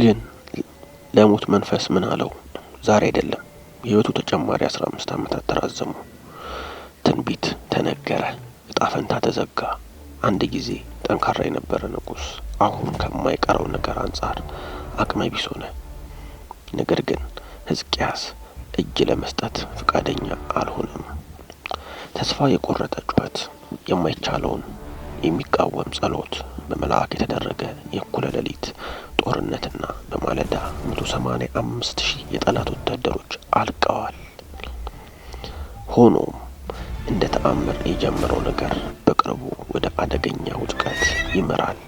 ግን ለሞት መንፈስ ምን አለው? ዛሬ አይደለም የህይወቱ ተጨማሪ አስራ አምስት ዓመታት ተራዘሙ። ትንቢት ተነገረ፣ እጣ ፈንታ ተዘጋ። አንድ ጊዜ ጠንካራ የነበረ ንጉስ አሁን ከማይቀረው ነገር አንጻር አቅመ ቢስ ሆነ። ነገር ግን ህዝቅያስ እጅ ለመስጠት ፈቃደኛ አልሆነም። ተስፋ የቆረጠ ጩኸት፣ የማይቻለውን የሚቃወም ጸሎት፣ በመልአክ የተደረገ የእኩለ ሌሊት ጦርነትና በማለዳ መቶ ሰማኒያ አምስት ሺህ የጠላት ወታደሮች አልቀዋል። ሆኖም እንደ ተአምር የጀመረው ነገር በቅርቡ ወደ አደገኛ ውድቀት ይመራል።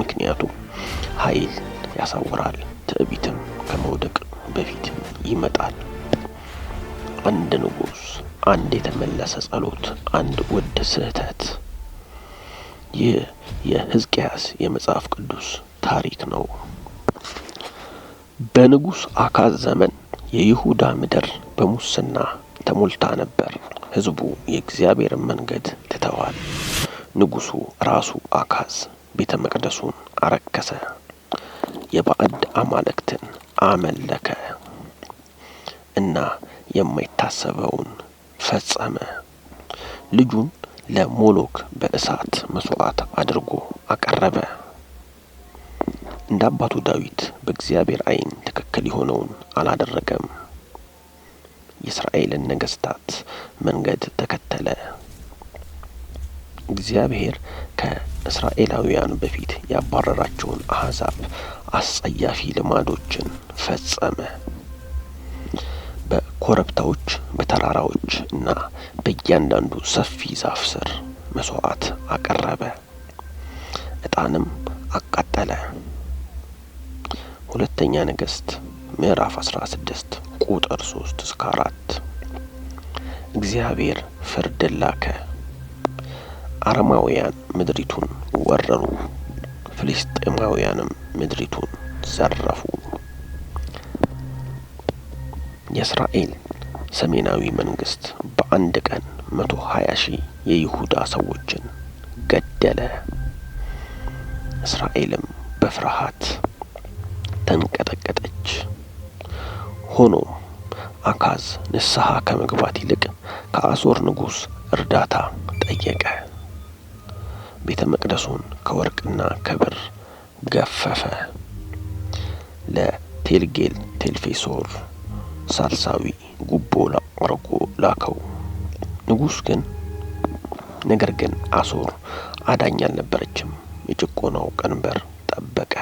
ምክንያቱም ኃይል ያሳውራል፣ ትዕቢትም ከመውደቅ በፊት ይመጣል። አንድ ንጉስ፣ አንድ የተመለሰ ጸሎት፣ አንድ ውድ ስህተት። ይህ የሕዝቅያስ የመጽሐፍ ቅዱስ ታሪክ ነው። በንጉስ አካዝ ዘመን የይሁዳ ምድር በሙስና ተሞልታ ነበር። ሕዝቡ የእግዚአብሔርን መንገድ ትተዋል። ንጉሱ ራሱ አካዝ ቤተ መቅደሱን አረከሰ፣ የባዕድ አማልክትን አመለከ እና የማይታሰበውን ፈጸመ። ልጁን ለሞሎክ በእሳት መስዋዕት አድርጎ አቀረበ። እንደ አባቱ ዳዊት በእግዚአብሔር ዓይን ትክክል የሆነውን አላደረገም። የእስራኤልን ነገስታት መንገድ ተከተለ። እግዚአብሔር ከእስራኤላውያን በፊት ያባረራቸውን አሕዛብ አስጸያፊ ልማዶችን ፈጸመ። በኮረብታዎች፣ በተራራዎች እና በእያንዳንዱ ሰፊ ዛፍ ስር መስዋዕት አቀረበ፣ ዕጣንም አቃጠለ። ሁለተኛ ነገስት ምዕራፍ 16 ቁጥር 3 እስከ 4 እግዚአብሔር ፍርድን ላከ። አረማውያን ምድሪቱን ወረሩ፣ ፍልስጤማውያንም ምድሪቱን ዘረፉ። የእስራኤል ሰሜናዊ መንግስት በአንድ ቀን መቶ ሀያ ሺህ የይሁዳ ሰዎችን ገደለ። እስራኤልም በፍርሃት ተንቀጠቀጠች። ሆኖም አካዝ ንስሐ ከመግባት ይልቅ ከአሶር ንጉሥ እርዳታ ጠየቀ። ቤተ መቅደሱን ከወርቅና ከብር ገፈፈ። ለቴልጌል ቴልፌሶር ሳልሳዊ ጉቦ አርጎ ላከው። ንጉሥ ግን ነገር ግን አሶር አዳኝ አልነበረችም። የጭቆናው ቀንበር ጠበቀ።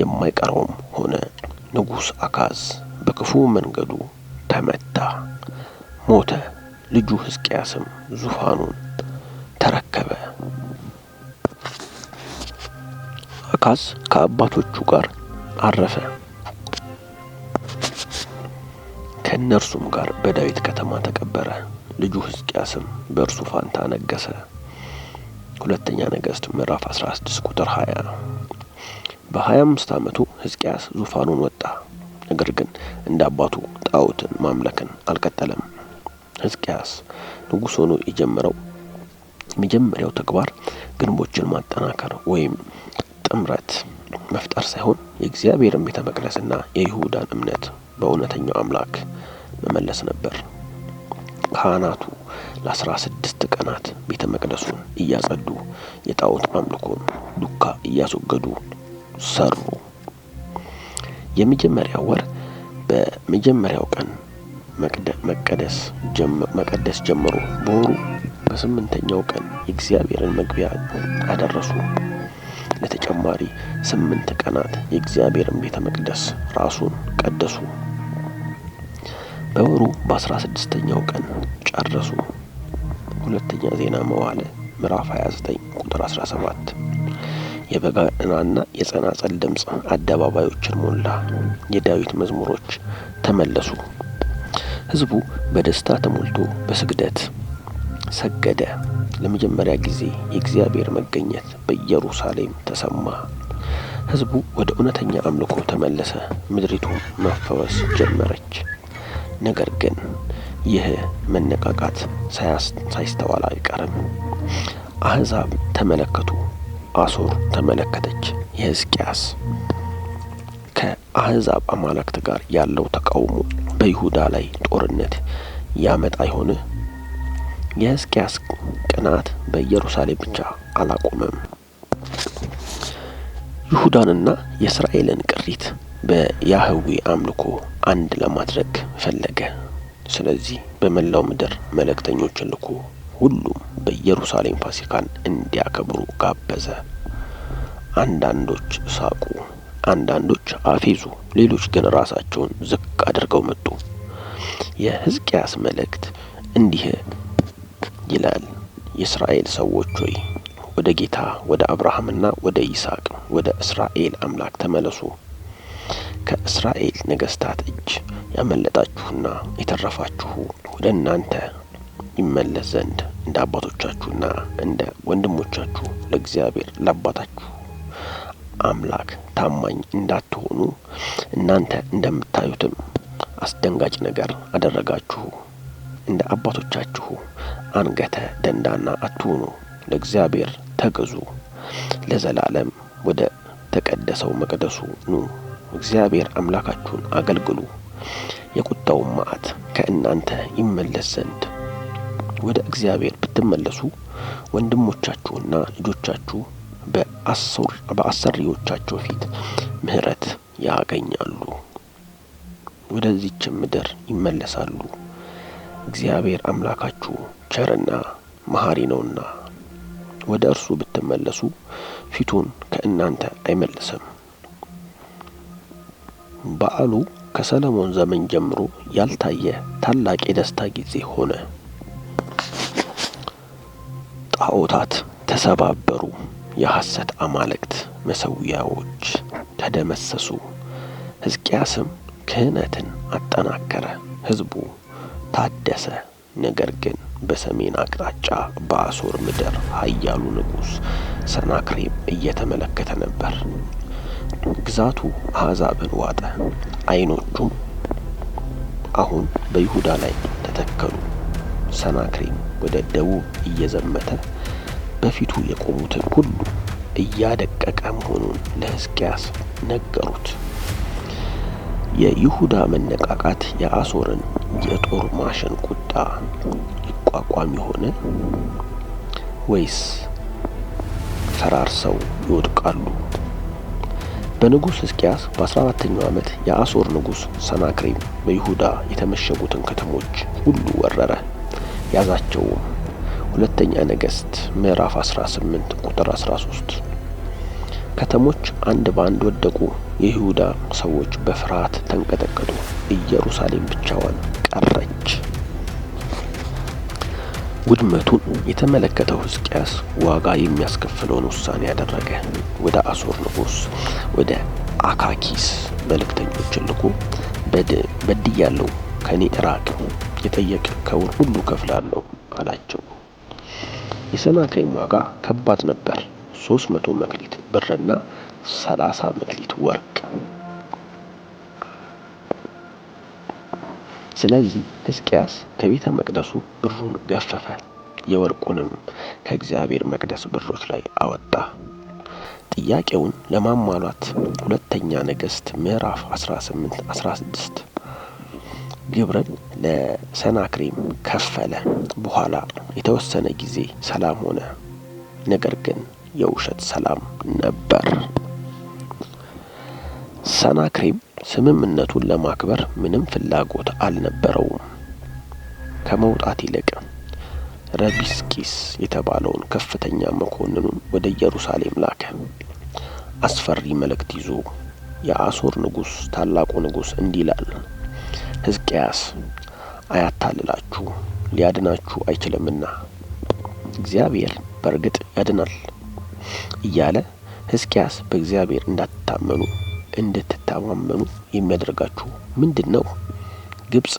የማይቀረውም ሆነ። ንጉሥ አካዝ በክፉ መንገዱ ተመታ፣ ሞተ። ልጁ ሕዝቅያስም ዙፋኑን ተረከበ። አካዝ ከአባቶቹ ጋር አረፈ፣ ከእነርሱም ጋር በዳዊት ከተማ ተቀበረ። ልጁ ሕዝቅያስም በእርሱ ፋንታ ነገሰ። ሁለተኛ ነገሥት ምዕራፍ 16 ቁጥር 20 በ25 ዓመቱ ሕዝቅያስ ዙፋኑን ወጣ። ነገር ግን እንደ አባቱ ጣዖትን ማምለክን አልቀጠለም። ሕዝቅያስ ንጉሥ ሆኖ የጀመረው የመጀመሪያው ተግባር ግንቦችን ማጠናከር ወይም ጥምረት መፍጠር ሳይሆን የእግዚአብሔርን ቤተ መቅደስና የይሁዳን እምነት በእውነተኛው አምላክ መመለስ ነበር። ካህናቱ ለአስራ ስድስት ቀናት ቤተ መቅደሱን እያጸዱ የጣዖት አምልኮን ዱካ እያስወገዱ ሰሩ። የመጀመሪያው ወር በመጀመሪያው ቀን መቀደስ መቀደስ ጀመሩ። በወሩ በስምንተኛው ቀን የእግዚአብሔርን መግቢያ አደረሱ። ለተጨማሪ ስምንት ቀናት የእግዚአብሔርን ቤተ መቅደስ ራሱን ቀደሱ። በወሩ በአስራ ስድስተኛው ቀን ጨረሱ። ሁለተኛ ዜና መዋዕል ምዕራፍ 29 ቁጥር 17 የበጋናና የጸናጸል ድምፅ አደባባዮችን ሞላ። የዳዊት መዝሙሮች ተመለሱ። ሕዝቡ በደስታ ተሞልቶ በስግደት ሰገደ። ለመጀመሪያ ጊዜ የእግዚአብሔር መገኘት በኢየሩሳሌም ተሰማ። ሕዝቡ ወደ እውነተኛ አምልኮ ተመለሰ። ምድሪቱ መፈወስ ጀመረች። ነገር ግን ይህ መነቃቃት ሳይስተዋል አይቀርም። አሕዛብ ተመለከቱ። አሶር ተመለከተች። የሕዝቅያስ ከአሕዛብ አማልክት ጋር ያለው ተቃውሞ በይሁዳ ላይ ጦርነት ያመጣ ይሆን? የሕዝቅያስ ቅናት በኢየሩሳሌም ብቻ አላቆመም። ይሁዳንና የእስራኤልን ቅሪት በያህዌ አምልኮ አንድ ለማድረግ ፈለገ። ስለዚህ በመላው ምድር መልእክተኞችን ልኮ ሁሉም በኢየሩሳሌም ፋሲካን እንዲያከብሩ ጋበዘ። አንዳንዶች ሳቁ፣ አንዳንዶች አፌዙ፣ ሌሎች ግን ራሳቸውን ዝቅ አድርገው መጡ። የሕዝቅያስ መልእክት እንዲህ ይላል። የእስራኤል ሰዎች ሆይ ወደ ጌታ ወደ አብርሃምና ወደ ይስሐቅ ወደ እስራኤል አምላክ ተመለሱ። ከእስራኤል ነገሥታት እጅ ያመለጣችሁና የተረፋችሁ ወደ እናንተ ይመለስ ዘንድ እንደ አባቶቻችሁና እንደ ወንድሞቻችሁ ለእግዚአብሔር ለአባታችሁ አምላክ ታማኝ እንዳትሆኑ እናንተ እንደምታዩትም አስደንጋጭ ነገር አደረጋችሁ። እንደ አባቶቻችሁ አንገተ ደንዳና አትሆኑ ለእግዚአብሔር ተገዙ። ለዘላለም ወደ ተቀደሰው መቅደሱ ኑ፣ እግዚአብሔር አምላካችሁን አገልግሉ። የቁጣውን መዓት ከእናንተ ይመለስ ዘንድ ወደ እግዚአብሔር ብትመለሱ ወንድሞቻችሁና ልጆቻችሁ በአሰሪዎቻቸው ፊት ምሕረት ያገኛሉ፣ ወደዚች ምድር ይመለሳሉ። እግዚአብሔር አምላካችሁ ቸርና መሐሪ ነውና ወደ እርሱ ብትመለሱ ፊቱን ከእናንተ አይመልስም። በዓሉ ከሰለሞን ዘመን ጀምሮ ያልታየ ታላቅ የደስታ ጊዜ ሆነ። ጣዖታት ተሰባበሩ፣ የሐሰት አማልክት መሠዊያዎች ተደመሰሱ። ሕዝቅያስም ክህነትን አጠናከረ፣ ሕዝቡ ታደሰ። ነገር ግን በሰሜን አቅጣጫ በአሦር ምድር ኃያሉ ንጉሥ ሰናክሬም እየተመለከተ ነበር። ግዛቱ አሕዛብን ዋጠ፣ ዐይኖቹም አሁን በይሁዳ ላይ ተተከሉ። ሰናክሬም ወደ ደቡብ እየዘመተ በፊቱ የቆሙትን ሁሉ እያደቀቀ መሆኑን ለሕዝቅያስ ነገሩት። የይሁዳ መነቃቃት የአሶርን የጦር ማሽን ቁጣ ይቋቋም ይሆን ወይስ ፈራርሰው ይወድቃሉ? በንጉሥ ሕዝቅያስ በ14ኛው ዓመት የአሶር ንጉሥ ሰናክሬም በይሁዳ የተመሸጉትን ከተሞች ሁሉ ወረረ። ያዛቸው ሁለተኛ ነገስት ምዕራፍ 18 ቁጥር 13። ከተሞች አንድ በአንድ ወደቁ። የይሁዳ ሰዎች በፍርሃት ተንቀጠቀጡ። ኢየሩሳሌም ብቻዋን ቀረች። ውድመቱን የተመለከተው ሕዝቅያስ ዋጋ የሚያስከፍለውን ውሳኔ ያደረገ። ወደ አሶር ንጉስ ወደ አካኪስ መልእክተኞችን ልኮ በድያለሁ፣ ከኔ እራቅ የጠየቅከውን ሁሉ ከፍላለሁ አላቸው። የሰናክሬም ዋጋ ከባድ ነበር፤ 300 መቶ መክሊት ብርና ሰላሳ መክሊት ወርቅ። ስለዚህ ሕዝቅያስ ከቤተ መቅደሱ ብሩን ገፈፈ፣ የወርቁንም ከእግዚአብሔር መቅደስ ብሮች ላይ አወጣ። ጥያቄውን ለማሟሏት ሁለተኛ ነገሥት ምዕራፍ 18 16 ግብርን ለሰናክሬም ከፈለ። በኋላ የተወሰነ ጊዜ ሰላም ሆነ። ነገር ግን የውሸት ሰላም ነበር። ሰናክሬም ስምምነቱን ለማክበር ምንም ፍላጎት አልነበረውም። ከመውጣት ይልቅ ረቢስቂስ የተባለውን ከፍተኛ መኮንኑን ወደ ኢየሩሳሌም ላከ። አስፈሪ መልእክት ይዞ የአሶር ንጉሥ ታላቁ ንጉሥ እንዲህ ይላል ሕዝቅያስ አያታልላችሁ፣ ሊያድናችሁ አይችልምና እግዚአብሔር በእርግጥ ያድናል እያለ ሕዝቅያስ በእግዚአብሔር እንዳትታመኑ እንድትተማመኑ የሚያደርጋችሁ ምንድን ነው? ግብጽ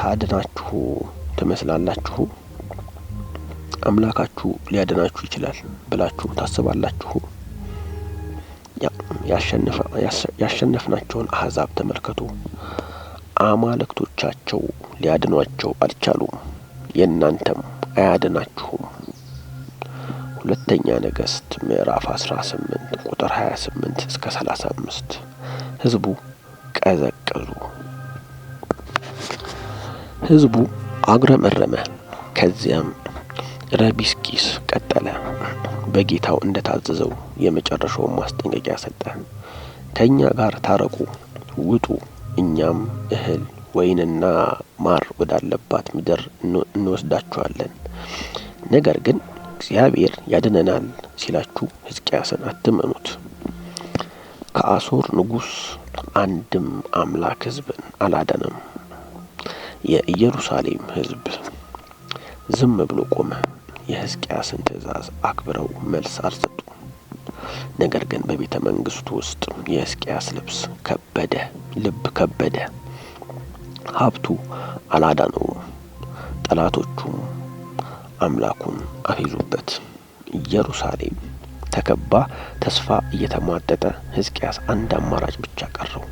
ታድናችሁ ትመስላላችሁ? አምላካችሁ ሊያድናችሁ ይችላል ብላችሁ ታስባላችሁ? ያሸነፍናቸውን አሕዛብ ተመልከቱ። አማልክቶቻቸው ሊያድኗቸው አልቻሉም፣ የእናንተም አያድናችሁም። ሁለተኛ ነገሥት ምዕራፍ 18 ቁጥር 28 እስከ 35። ህዝቡ ቀዘቀዙ። ህዝቡ አጉረመረመ። ከዚያም ቀ ቀጠለ። በጌታው እንደታዘዘው የመጨረሻውን ማስጠንቀቂያ ሰጠ። ከእኛ ጋር ታረቁ፣ ውጡ፣ እኛም እህል ወይንና ማር ወዳለባት ምድር እንወስዳችኋለን። ነገር ግን እግዚአብሔር ያድነናል ሲላችሁ ሕዝቅያስን አትመኑት። ከአሶር ንጉሥ አንድም አምላክ ሕዝብን አላዳነም። የኢየሩሳሌም ሕዝብ ዝም ብሎ ቆመ። የሕዝቅያስን ትእዛዝ አክብረው መልስ አልሰጡም። ነገር ግን በቤተ መንግስቱ ውስጥ የሕዝቅያስ ልብስ ከበደ፣ ልብ ከበደ። ሀብቱ አላዳነውም። ጠላቶቹም አምላኩን አፌዙበት። ኢየሩሳሌም ተከባ ተስፋ እየተሟጠጠ ሕዝቅያስ አንድ አማራጭ ብቻ ቀረው፣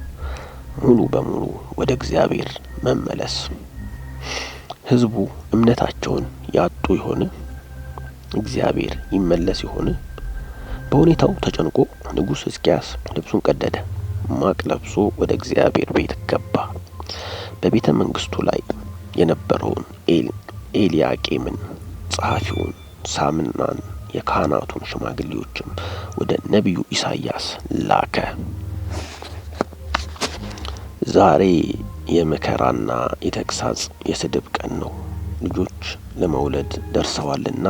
ሙሉ በሙሉ ወደ እግዚአብሔር መመለስ። ሕዝቡ እምነታቸውን ያጡ ይሆን? እግዚአብሔር ይመለስ ይሆን? በሁኔታው ተጨንቆ ንጉሥ ሕዝቅያስ ልብሱን ቀደደ፣ ማቅ ለብሶ ወደ እግዚአብሔር ቤት ገባ። በቤተ መንግስቱ ላይ የነበረውን ኤልያቄምን፣ ጸሐፊውን ሳምናን፣ የካህናቱን ሽማግሌዎችም ወደ ነቢዩ ኢሳያስ ላከ። ዛሬ የመከራና የተግሳጽ የስድብ ቀን ነው፣ ልጆች ለመውለድ ደርሰዋልና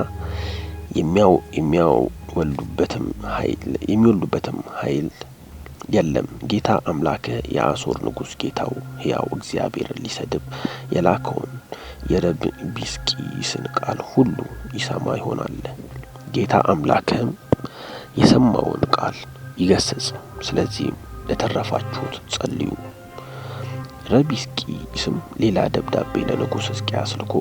የሚያወልዱበትም የሚወልዱበትም ኃይል የለም። ጌታ አምላከ የአሶር ንጉስ ጌታው ሕያው እግዚአብሔር ሊሰድብ የላከውን የረብቢስቂስን ቃል ሁሉ ይሰማ ይሆናል። ጌታ አምላክህም የሰማውን ቃል ይገስጽ። ስለዚህም ለተረፋችሁት ጸልዩ። ስም ሌላ ደብዳቤ ለንጉሥ ሕዝቅያስ ልኮ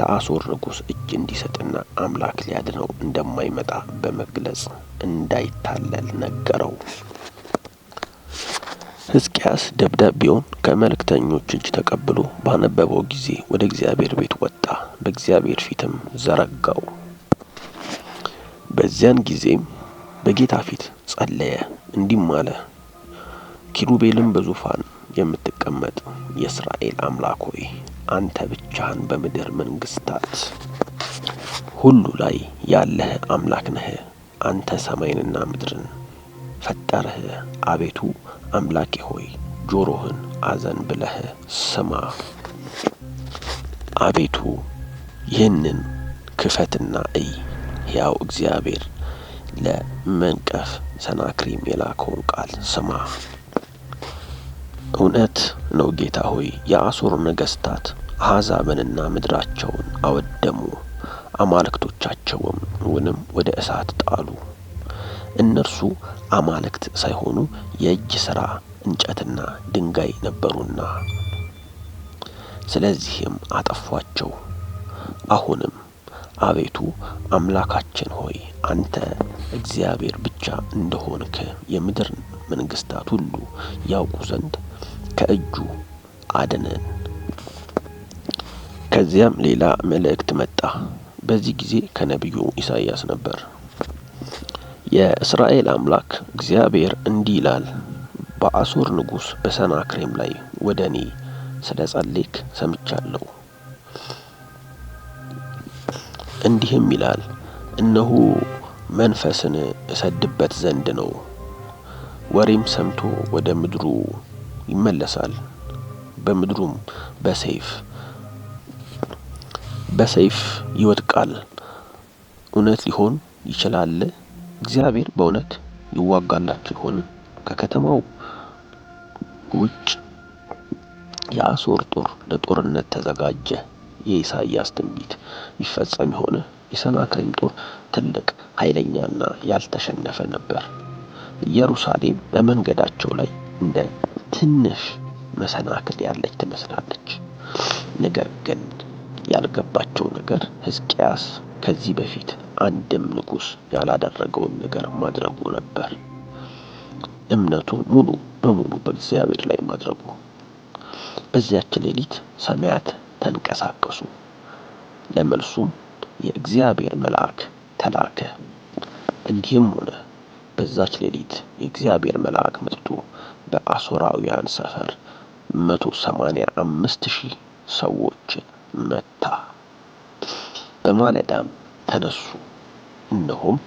ለአሦር ንጉሥ እጅ እንዲሰጥና አምላክ ሊያድነው እንደማይመጣ በመግለጽ እንዳይታለል ነገረው። ሕዝቅያስ ደብዳቤውን ከመልእክተኞች እጅ ተቀብሎ ባነበበው ጊዜ ወደ እግዚአብሔር ቤት ወጣ፣ በእግዚአብሔር ፊትም ዘረጋው። በዚያን ጊዜም በጌታ ፊት ጸለየ፣ እንዲህም አለ። ኪሩቤልም በዙፋን የምትቀመጥ የእስራኤል አምላክ ሆይ አንተ ብቻህን በምድር መንግስታት ሁሉ ላይ ያለህ አምላክ ነህ። አንተ ሰማይንና ምድርን ፈጠርህ። አቤቱ አምላኬ ሆይ ጆሮህን አዘን ብለህ ስማ። አቤቱ ይህንን ክፈትና እይ። ሕያው እግዚአብሔር ለመንቀፍ ሰናክሪም የላከውን ቃል ስማ። እውነት ነው ጌታ ሆይ፣ የአሶር ነገሥታት አሕዛብንና ምድራቸውን አወደሙ፣ አማልክቶቻቸውም ውንም ወደ እሳት ጣሉ። እነርሱ አማልክት ሳይሆኑ የእጅ ሥራ እንጨትና ድንጋይ ነበሩና፣ ስለዚህም አጠፏቸው። አሁንም አቤቱ አምላካችን ሆይ አንተ እግዚአብሔር ብቻ እንደሆንክ የምድር መንግሥታት ሁሉ ያውቁ ዘንድ ከእጁ አድነን። ከዚያም ሌላ መልእክት መጣ። በዚህ ጊዜ ከነቢዩ ኢሳይያስ ነበር። የእስራኤል አምላክ እግዚአብሔር እንዲህ ይላል፣ በአሶር ንጉሥ በሰናክሬም ላይ ወደ እኔ ስለ ጸሌክ ሰምቻለሁ። እንዲህም ይላል፣ እነሆ መንፈስን እሰድበት ዘንድ ነው፣ ወሬም ሰምቶ ወደ ምድሩ ይመለሳል። በምድሩም በሰይፍ በሰይፍ ይወድቃል። እውነት ሊሆን ይችላል? እግዚአብሔር በእውነት ይዋጋላቸው ይሆን? ከከተማው ውጭ የአሦር ጦር ለጦርነት ተዘጋጀ። የኢሳይያስ ትንቢት ይፈጸም ይሆን? የሰናክሬም ጦር ትልቅ ኃይለኛና ያልተሸነፈ ነበር። ኢየሩሳሌም በመንገዳቸው ላይ እንደ ትንሽ መሰናክል ያለች ትመስላለች። ነገር ግን ያልገባቸው ነገር ሕዝቅያስ ከዚህ በፊት አንድም ንጉሥ ያላደረገውን ነገር ማድረጉ ነበር። እምነቱ ሙሉ በሙሉ በእግዚአብሔር ላይ ማድረጉ። በዚያች ሌሊት ሰማያት ተንቀሳቀሱ። ለመልሱም የእግዚአብሔር መልአክ ተላከ። እንዲህም ሆነ፣ በዛች ሌሊት የእግዚአብሔር መልአክ መጥቶ በአሶራውያን ሰፈር መቶ ሰማንያ ሺህ ሰዎችን መታ። በማለዳም ተነሱ፣ እነሆም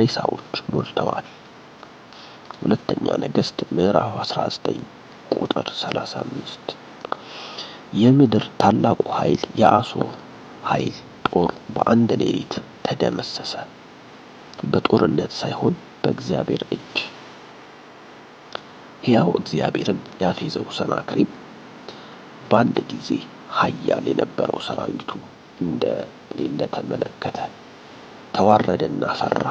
ሬሳዎች ሞልተዋል። ሁለተኛ ነገሥት ምዕራፍ 19 ቁጥር 35 የምድር ታላቁ ኃይል የአሶር ኃይል ጦር በአንድ ሌሊት ተደመሰሰ፣ በጦርነት ሳይሆን በእግዚአብሔር እጅ። ሕያው እግዚአብሔርን ያስይዘው ሰናክሬም በአንድ ጊዜ ኃያል የነበረው ሰራዊቱ እንደሌለ ተመለከተ፣ ተዋረደና ፈራ።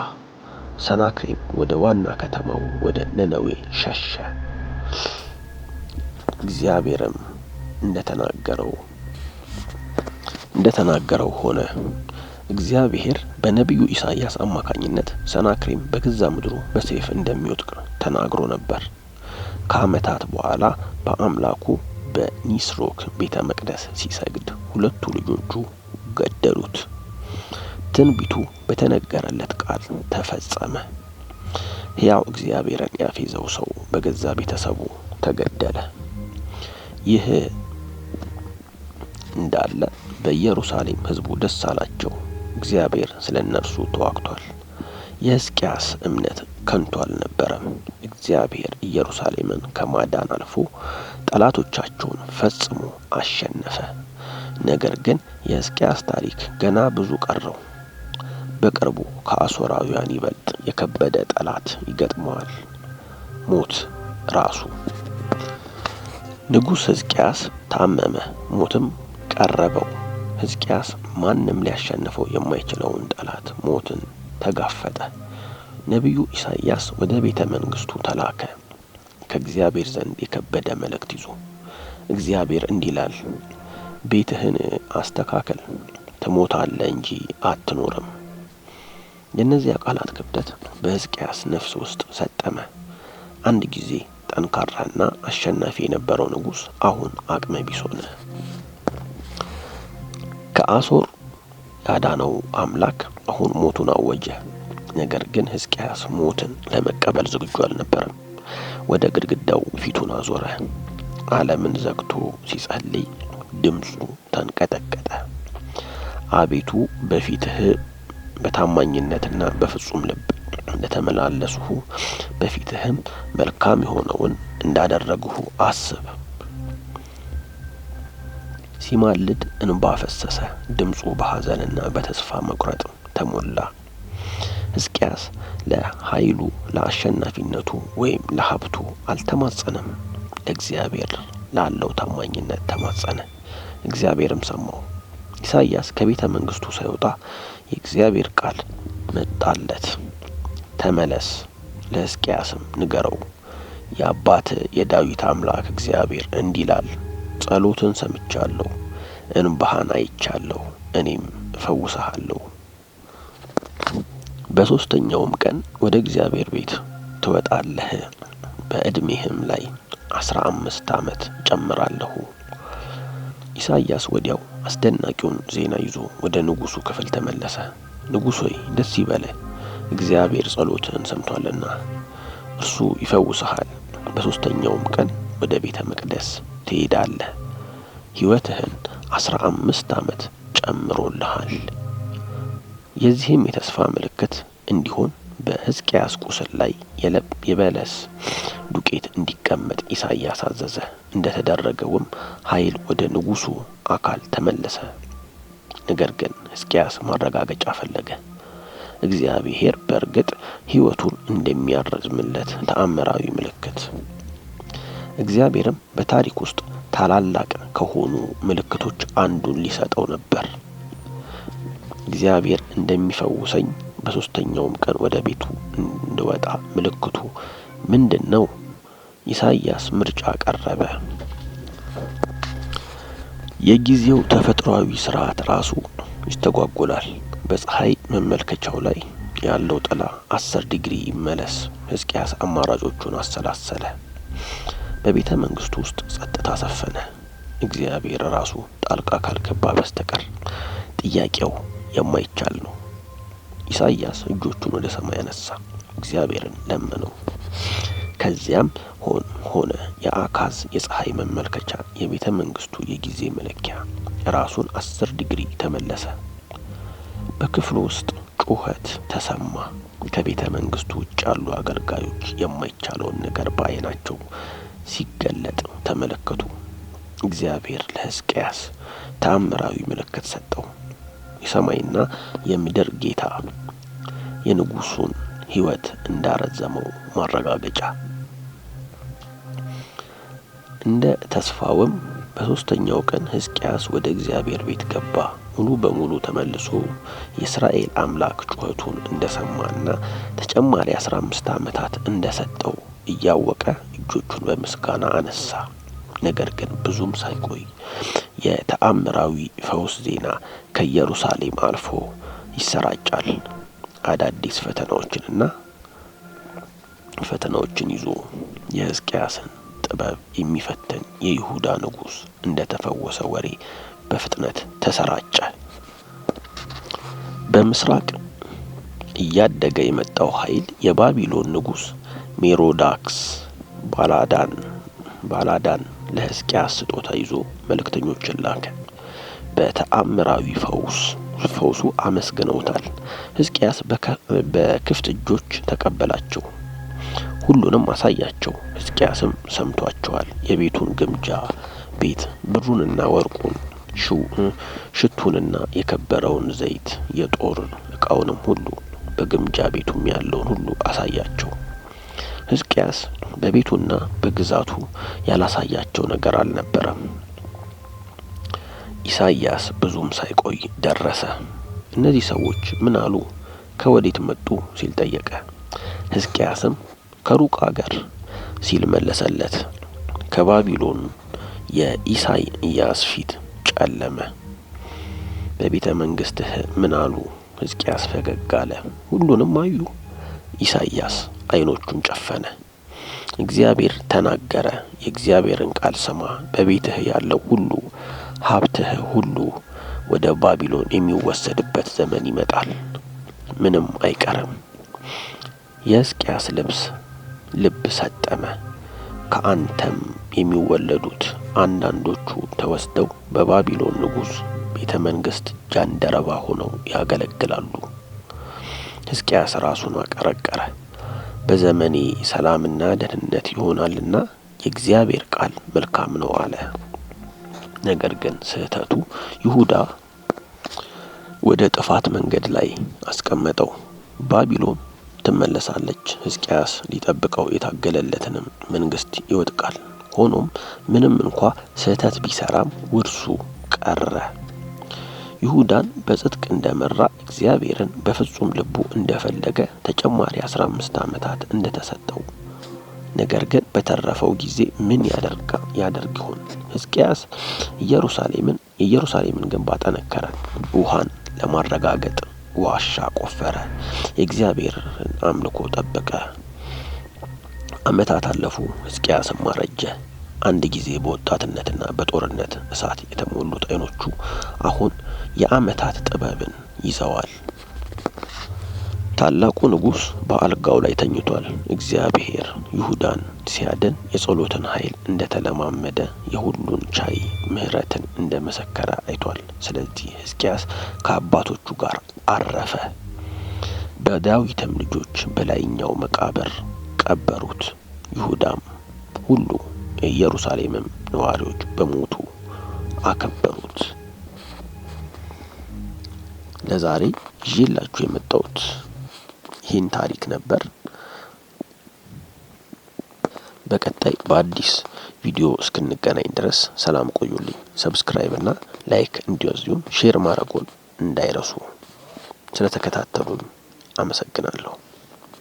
ሰናክሬም ወደ ዋና ከተማው ወደ ነነዌ ሸሸ። እግዚአብሔርም እንደተናገረው እንደተናገረው ሆነ። እግዚአብሔር በነቢዩ ኢሳይያስ አማካኝነት ሰናክሬም በገዛ ምድሩ በሰይፍ እንደሚወድቅ ተናግሮ ነበር። ከዓመታት በኋላ በአምላኩ በኒስሮክ ቤተ መቅደስ ሲሰግድ ሁለቱ ልጆቹ ገደሉት። ትንቢቱ በተነገረለት ቃል ተፈጸመ። ሕያው እግዚአብሔርን ያፌዘው ሰው በገዛ ቤተሰቡ ተገደለ። ይህ እንዳለ በኢየሩሳሌም ሕዝቡ ደስ አላቸው፣ እግዚአብሔር ስለ እነርሱ ተዋግቷል። የሕዝቅያስ እምነት ከንቱ አልነበረም። እግዚአብሔር ኢየሩሳሌምን ከማዳን አልፎ ጠላቶቻቸውን ፈጽሞ አሸነፈ። ነገር ግን የሕዝቅያስ ታሪክ ገና ብዙ ቀረው። በቅርቡ ከአሦራውያን ይበልጥ የከበደ ጠላት ይገጥመዋል፣ ሞት ራሱ። ንጉሥ ሕዝቅያስ ታመመ፣ ሞትም ቀረበው። ሕዝቅያስ ማንም ሊያሸንፈው የማይችለውን ጠላት ሞትን ተጋፈጠ። ነቢዩ ኢሳይያስ ወደ ቤተ መንግሥቱ ተላከ ከእግዚአብሔር ዘንድ የከበደ መልእክት ይዞ። እግዚአብሔር እንዲህ ይላል፣ ቤትህን አስተካከል፣ ትሞታለ እንጂ አትኖርም። የእነዚያ ቃላት ክብደት በሕዝቅያስ ነፍስ ውስጥ ሰጠመ። አንድ ጊዜ ጠንካራና አሸናፊ የነበረው ንጉሥ አሁን አቅመ ቢሶነ ከአሶር ያዳነው አምላክ አሁን ሞቱን አወጀ። ነገር ግን ህዝቅያስ ሞትን ለመቀበል ዝግጁ አልነበረም። ወደ ግድግዳው ፊቱን አዞረ። ዓለምን ዘግቶ ሲጸልይ ድምፁ ተንቀጠቀጠ። አቤቱ በፊትህ በታማኝነትና በፍጹም ልብ እንደተመላለስሁ በፊትህም መልካም የሆነውን እንዳደረግሁ አስብ። ሲማልድ እንባ ፈሰሰ። ድምፁ በሐዘንና በተስፋ መቁረጥ ተሞላ። ሕዝቅያስ ለኃይሉ ለአሸናፊነቱ ወይም ለሀብቱ አልተማጸነም፣ ለእግዚአብሔር ላለው ታማኝነት ተማጸነ። እግዚአብሔርም ሰማው። ኢሳይያስ ከቤተ መንግስቱ ሳይወጣ የእግዚአብሔር ቃል መጣለት። ተመለስ፣ ለሕዝቅያስም ንገረው የአባት የዳዊት አምላክ እግዚአብሔር እንዲህ ይላል፣ ጸሎትን ሰምቻለሁ፣ እንባህን አይቻለሁ፣ እኔም እፈውሰሃለሁ በሶስተኛውም ቀን ወደ እግዚአብሔር ቤት ትወጣለህ፣ በዕድሜህም ላይ አስራ አምስት ዓመት ጨምራለሁ። ኢሳይያስ ወዲያው አስደናቂውን ዜና ይዞ ወደ ንጉሡ ክፍል ተመለሰ። ንጉሥ ሆይ ደስ ይበለ፣ እግዚአብሔር ጸሎትህን ሰምቷልና እርሱ ይፈውስሃል። በሦስተኛውም ቀን ወደ ቤተ መቅደስ ትሄዳለህ፣ ሕይወትህን አስራ አምስት ዓመት ጨምሮልሃል። የዚህም የተስፋ ምልክት እንዲሆን በሕዝቅያስ ቁስል ላይ የበለስ ዱቄት እንዲቀመጥ ኢሳይያስ አዘዘ። እንደ ተደረገውም ኃይል ወደ ንጉሡ አካል ተመለሰ። ነገር ግን ሕዝቅያስ ማረጋገጫ ፈለገ። እግዚአብሔር በእርግጥ ሕይወቱን እንደሚያረዝምለት ተአምራዊ ምልክት። እግዚአብሔርም በታሪክ ውስጥ ታላላቅ ከሆኑ ምልክቶች አንዱን ሊሰጠው ነበር። እግዚአብሔር እንደሚፈውሰኝ በሶስተኛውም ቀን ወደ ቤቱ እንደወጣ ምልክቱ ምንድን ነው? ኢሳይያስ ምርጫ ቀረበ። የጊዜው ተፈጥሯዊ ስርዓት ራሱ ይስተጓጎላል። በፀሐይ መመልከቻው ላይ ያለው ጥላ አስር ዲግሪ ይመለስ። ሕዝቅያስ አማራጮቹን አሰላሰለ። በቤተ መንግስቱ ውስጥ ጸጥታ ሰፈነ። እግዚአብሔር ራሱ ጣልቃ ካልገባ በስተቀር ጥያቄው የማይቻል ነው። ኢሳይያስ እጆቹን ወደ ሰማይ አነሳ፣ እግዚአብሔርን ለመነው። ከዚያም ሆነ የአካዝ የፀሐይ መመልከቻ የቤተ መንግስቱ የጊዜ መለኪያ ራሱን አስር ዲግሪ ተመለሰ። በክፍሉ ውስጥ ጩኸት ተሰማ። ከቤተ መንግስቱ ውጭ ያሉ አገልጋዮች የማይቻለውን ነገር በአይናቸው ሲገለጥ ተመለከቱ። እግዚአብሔር ለሕዝቅያስ ተአምራዊ ምልክት ሰጠው። የሰማይና የምድር ጌታ የንጉሱን ህይወት እንዳረዘመው ማረጋገጫ እንደ ተስፋውም በሶስተኛው ቀን ህዝቅያስ ወደ እግዚአብሔር ቤት ገባ። ሙሉ በሙሉ ተመልሶ የእስራኤል አምላክ ጩኸቱን እንደሰማና ተጨማሪ አስራ አምስት ዓመታት እንደሰጠው እያወቀ እጆቹን በምስጋና አነሳ። ነገር ግን ብዙም ሳይቆይ የተአምራዊ ፈውስ ዜና ከኢየሩሳሌም አልፎ ይሰራጫል። አዳዲስ ፈተናዎችንና ፈተናዎችን ይዞ የሕዝቅያስን ጥበብ የሚፈትን የይሁዳ ንጉሥ እንደ ተፈወሰ ወሬ በፍጥነት ተሰራጨ። በምስራቅ እያደገ የመጣው ኃይል የባቢሎን ንጉሥ ሜሮዳክስ ባላዳን ባላዳን ለሕዝቅያስ ስጦታ ይዞ መልእክተኞችን ላከ። በተአምራዊ ፈውስ ፈውሱ አመስግነውታል። ሕዝቅያስ በክፍት እጆች ተቀበላቸው፣ ሁሉንም አሳያቸው። ሕዝቅያስም ሰምቷቸዋል። የቤቱን ግምጃ ቤት ብሩንና ወርቁን ሽቱንና የከበረውን ዘይት የጦር ዕቃውንም ሁሉ በግምጃ ቤቱም ያለውን ሁሉ አሳያቸው። ሕዝቅያስ በቤቱና በግዛቱ ያላሳያቸው ነገር አልነበረም። ኢሳይያስ ብዙም ሳይቆይ ደረሰ። እነዚህ ሰዎች ምን አሉ? ከወዴት መጡ? ሲል ጠየቀ። ሕዝቅያስም ከሩቅ አገር ሲል መለሰለት። ከባቢሎን የኢሳይያስ ፊት ጨለመ። በቤተ መንግስትህ ምን አሉ? ሕዝቅያስ ፈገግ አለ። ሁሉንም አዩ። ኢሳይያስ አይኖቹን ጨፈነ። እግዚአብሔር ተናገረ፣ የእግዚአብሔርን ቃል ስማ። በቤትህ ያለው ሁሉ ሀብትህ ሁሉ ወደ ባቢሎን የሚወሰድበት ዘመን ይመጣል፣ ምንም አይቀርም። የሕዝቅያስ ልብስ ልብ ሰጠመ። ከአንተም የሚወለዱት አንዳንዶቹ ተወስደው በባቢሎን ንጉሥ ቤተ መንግሥት ጃንደረባ ሆነው ያገለግላሉ። ሕዝቅያስ ራሱን አቀረቀረ። በዘመኔ ሰላምና ደህንነት ይሆናልና የእግዚአብሔር ቃል መልካም ነው አለ። ነገር ግን ስህተቱ ይሁዳ ወደ ጥፋት መንገድ ላይ አስቀመጠው። ባቢሎን ትመለሳለች። ሕዝቅያስ ሊጠብቀው የታገለለትንም መንግስት ይወጥቃል። ሆኖም ምንም እንኳ ስህተት ቢሰራም ውርሱ ቀረ። ይሁዳን በጽድቅ እንደመራ እግዚአብሔርን በፍጹም ልቡ እንደፈለገ ተጨማሪ 15 አምስት ዓመታት እንደተሰጠው ነገር ግን በተረፈው ጊዜ ምን ያደርጋ ያደርግ ይሆን? ሕዝቅያስ ኢየሩሳሌምን የኢየሩሳሌምን ግንብ አጠነከረ፣ ውሃን ለማረጋገጥ ዋሻ ቆፈረ፣ የእግዚአብሔርን አምልኮ ጠበቀ። ዓመታት አለፉ፣ ሕዝቅያስም አረጀ። አንድ ጊዜ በወጣትነትና በጦርነት እሳት የተሞሉት አይኖቹ አሁን የዓመታት ጥበብን ይዘዋል። ታላቁ ንጉስ በአልጋው ላይ ተኝቷል። እግዚአብሔር ይሁዳን ሲያድን የጸሎትን ኃይል እንደ ተለማመደ የሁሉን ቻይ ምሕረትን እንደ መሰከረ አይቷል። ስለዚህ ሕዝቅያስ ከአባቶቹ ጋር አረፈ፣ በዳዊትም ልጆች በላይኛው መቃብር ቀበሩት። ይሁዳም ሁሉ የኢየሩሳሌምም ነዋሪዎች በሞቱ አከበሩት። ለዛሬ ይዤላችሁ የመጣሁት ይህን ታሪክ ነበር። በቀጣይ በአዲስ ቪዲዮ እስክንገናኝ ድረስ ሰላም ቆዩልኝ። ሰብስክራይብ እና ላይክ እንዲያዙም ሼር ማድረጉን እንዳይረሱ። ስለተከታተሉን አመሰግናለሁ።